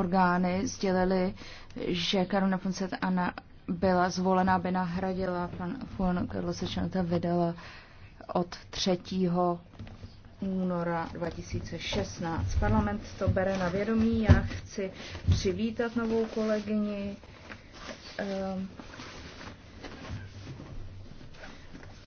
orgány sdělili, že Karuna Fonseca byla zvolena, aby nahradila pan von Carlose Chanta vydala od 3. února 2016. Parlament to bere na vědomí. Já chci přivítat novou kolegyni. Um,